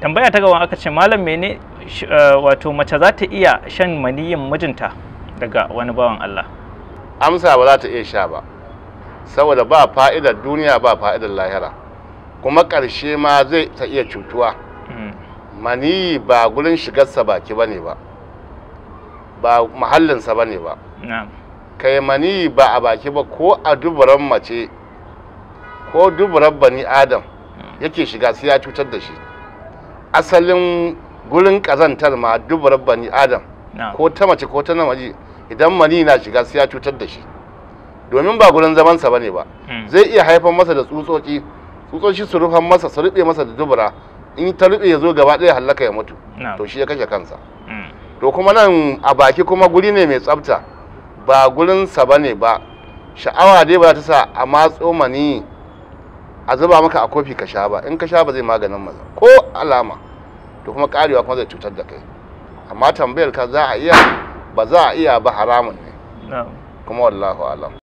tambaya ta gaban aka ce malam mene eh, wato mace za ta iya shan maniyin mijinta daga wani bawan Allah amsa ba za ta iya sha ba saboda ba fa'idar duniya ba fa'idar lahira kuma ƙarshe ma zai ta iya cutuwa hmm. maniyi ba gurin shigarsa baki bane ba ba mahallinsa bane ba kai maniyi ba a baki ba ko a duburan mace ko duburan bani adam hmm. yake shiga sai ya cutar da shi asalin gurin kazantar ma dubbar bani adam ko ta mace ko ta namiji idan mani na shiga sai ya cutar da shi domin ba gurin zamansa bane ba hmm. zai iya haifar masa da tsutsoki tsutsoci su rufan masa su rufe masa da dubura in ta rufe ya zo gaba ɗaya halaka ya mutu to shi ya kashe kansa hmm. to kuma nan a baki kuma guri ne mai tsafta ba gurinsa bane ba sha'awa dai ba ta sa a matso mani a zuba maka a kofi ka sha ba in ka sha ba zai maganin maza ko alama to kuma karewa kuma zai cutar da kai amma tambayar ka za a iya ba za a iya ba haramun ne kuma wallahu alam